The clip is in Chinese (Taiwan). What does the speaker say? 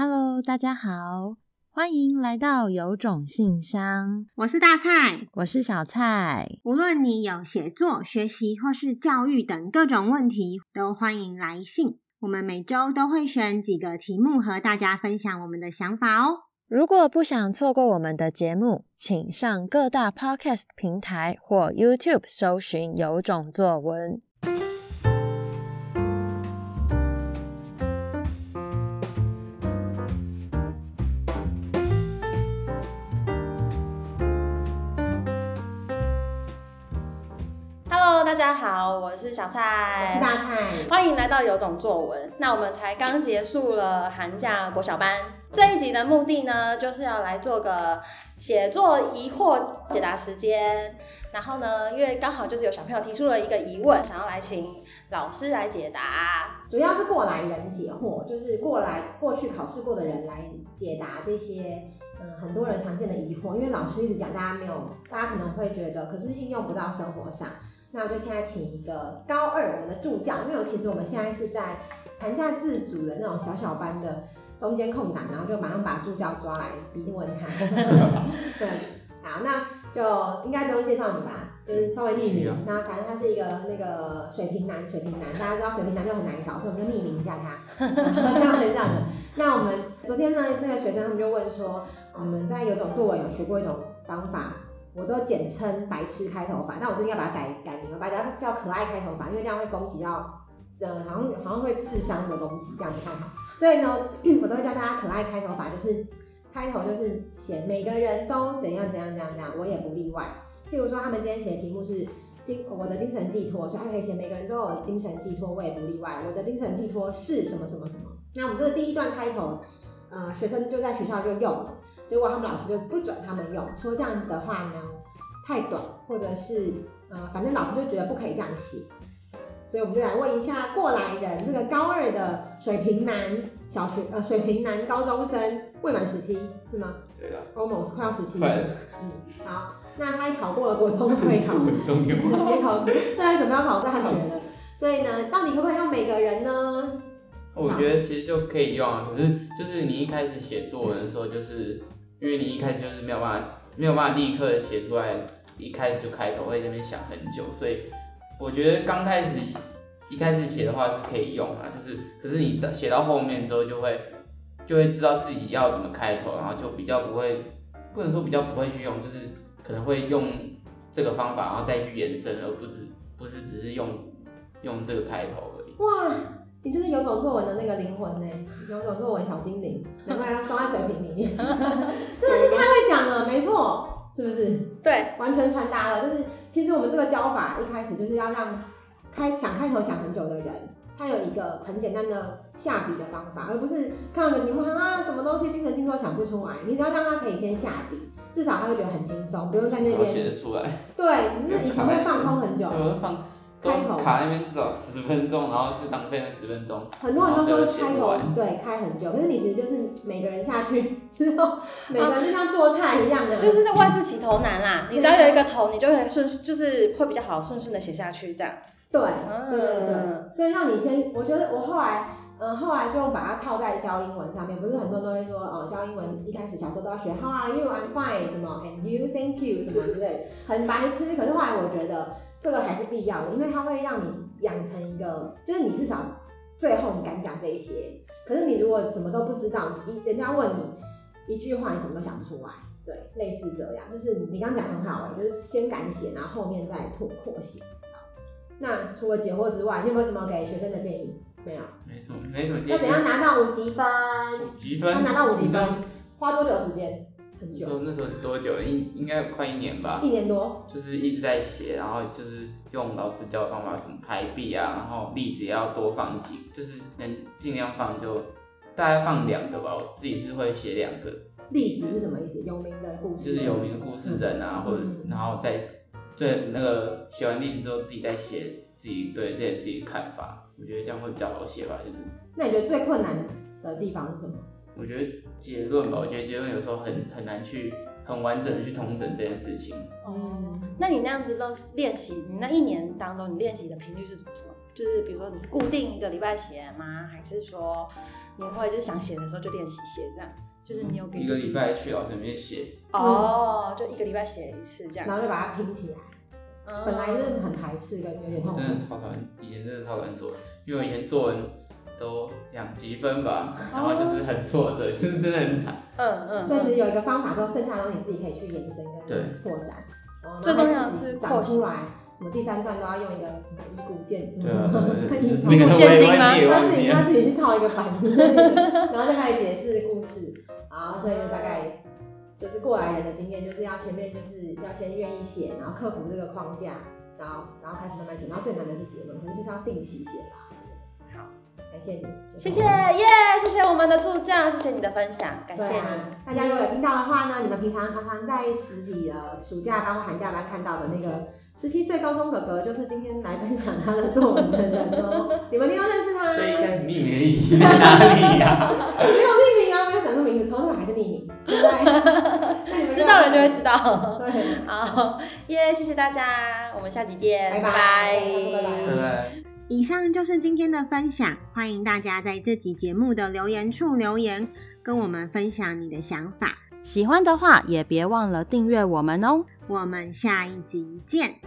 Hello，大家好，歡迎來到有種信箱。我是大菜，我是小菜。無論你有寫作、學習或是教育等各種問題，都歡迎來信。我們每周都會選幾個題目和大家分享我們的想法哦。如果不想錯過我們的節目，請上各大 Podcast 平台或 YouTube 搜尋“有種作文”。大家好，我是小蔡，我是大蔡，歡迎來到有種作文。那我們才剛結束了寒假國小班，這一集的目的呢，就是要來做個寫作疑惑解答時間。然後呢，因為剛好就是有小朋友提出了一個疑問，想要來請老師來解答。主要是過來人解惑，就是過來過去考試過的人來解答這些，嗯，很多人常見的疑惑。因為老師一直講，大家沒有，大家可能會覺得，可是應用不到生活上。那我就現在請一個高二我們的助教，因為其實我們現在是在寒假自主的那種小小班的中間空檔，然後就馬上把助教抓來，一定問他。 對，好，那就應該不用介紹你吧，就是稍微匿名。哦、那反正他是一個那個水瓶男，水瓶男，大家知道水瓶男就很難搞，所以我們就匿名一下他， 這樣的。那我們昨天呢，那個學生他們就問說，我們在有種作文有學過一種方法，我都簡稱“白痴開頭法”，但我最近要把它改改名，把它叫，叫“可愛開頭法”，因為這樣會攻擊到，的、呃、好像好像會智商的攻擊這樣的方法。所以呢，我都會教大家可愛開頭法，就是開頭就是寫每個人都怎樣怎樣怎樣怎樣，我也不例外。譬如說，他們今天寫的題目是精我的精神寄托，所以他可以寫每個人都有精神寄托，我也不例外。我的精神寄托是什麼什麼什麼？那我們這個第一段開頭，呃學生就在學校就用了。結果他們老師就不准他們用，說這樣的話呢太短，或者是呃，反正老師就覺得不可以這樣寫。所以我們就來問一下過來人，這個高二的水平男小學呃水平男高中生未滿十七是嗎？對啊 almost 快要十七。快了。嗯，好，那他一考過了國中會考，國中又別考，現在準備要考大學了。好所以呢，到底可不可以用每個人呢？我覺得其實就可以用啊，好可是就是你一開始寫作文的時候就是。因為你一開始就是沒有辦法，沒有辦法立刻寫出來，一開始就開頭會在那邊想很久，所以我覺得剛開始一開始寫的話是可以用啊，就是可是你寫到後面之後就會就會知道自己要怎麼開頭，然後就比較不會，不能說比較不會去用，就是可能會用這個方法然後再去延伸，而不是不是只是用用這個開頭而已。哇。你就是有種作文的那個靈魂呢、欸，有種作文小精靈，難怪要裝在水瓶裡面。 真的是太會講了，沒錯， 是不是？對，完全傳達了。就是其實我們這個教法一開始就是要讓開想開頭想很久的人，他有一個很簡單的下筆的方法，而不是看到一個題目啊什麼東西，精神筋都想不出來。你只要讓他可以先下筆，至少他會覺得很輕鬆，不用在那邊。寫出來。對，你是以前會放空很久。嗯。開頭卡在那邊，至少十分鐘，然後就當費那十分鐘。分分鐘很多人都說開頭對開很久，可是你其實就是每個人下去之後，每個人就像做菜一樣的，就是在萬事起頭難啦。嗯、你只要有一個頭，你就可以順，就是會比較好順順的寫下去這樣。對，嗯、對，對對。所以讓你先，我覺得我後來，嗯、呃，後來就把它套在教英文上面。不是很多人都會說，哦、呃，教英文一開始小時候都要學 How are you? I'm fine. 什麼 And you? Thank you. 什麼之類，很白痴。可是後來我覺得。這個還是必要的，因為它會讓你養成一個，就是你至少最後你敢講這一些。可是你如果什麼都不知道，人家問你一句話，你什麼都想不出來。對，類似這樣，就是你剛剛講很好哎，就是先敢寫，然後後面再拓擴寫。好，那除了解惑之外，你有沒有什麼給學生的建議？沒有，沒什麼，沒什麼要怎樣拿到五級分？五級分，啊、拿到五級分,五級分，五級分，花多久時間？你說那時候多久了？應應該快一年吧。一年多，就是一直在寫，然後就是用老師教的方法，什麼排比啊，然後例子也要多放幾個，就是能盡量放就大概放兩個吧。嗯、我自己是會寫兩個。例子是什麼意思？嗯、有名的故事，就是有名的故事人啊，嗯、或者然後再對、嗯、那個寫完例子之後自己再寫自己對這些自，自己的看法。我覺得這樣會比較好寫吧，就是。那你覺得最困難的地方是什麼？我覺得結論吧，我覺得結論有時候很很難去很完整地去統整這件事情。哦、嗯，那你那樣子都練習，你那一年當中你練習的頻率是怎怎麼？就是比如說你是固定一個禮拜寫嗎？還是說你會就想寫的時候就練習寫這樣？就是你有給、嗯、一個禮拜去老師那邊寫？嗯、哦，就一個禮拜寫一次這樣，然後就把它拼起來。嗯、本來是很排斥跟有點痛，真的超難，以前真的超難做，因為我以前作文都。兩級分吧，然後就是很挫折，是、嗯、真的很慘、嗯。嗯嗯，所以其實有一個方法之後，剩下然後你自己可以去延伸跟拓展。最重要是找出來，什麼第三段都要用一個什麼一古建築一古建今嗎？他自己他自己去套一個板子， 然後再開始解釋故事啊。所以就大概就是過來人的經驗，就是要前面就是要先願意寫，然後克服這個框架，然後然後開始慢慢寫，然後最難的是結論，可能就是要定期寫吧。謝謝你，謝謝，耶，謝謝我們的助教，謝謝你的分享，感謝你。大家如果有聽到的話呢，你們平常常常在實體的暑假班或寒假班看到的那個十七歲高中哥哥，就是今天來分享他的作文的人哦。你們應該認識他。所以應該是匿名而已呀？沒有匿名啊，沒有講出名字，從頭還是匿名。對。那你們知道人就會知道。對。好，耶，謝謝大家，我們下集見，拜拜。拜拜！拜拜！以上就是今天的分享，歡迎大家在這集節目的留言處留言，跟我們分享你的想法。喜歡的話也別忘了訂閱我們哦、喔，我們下一集見。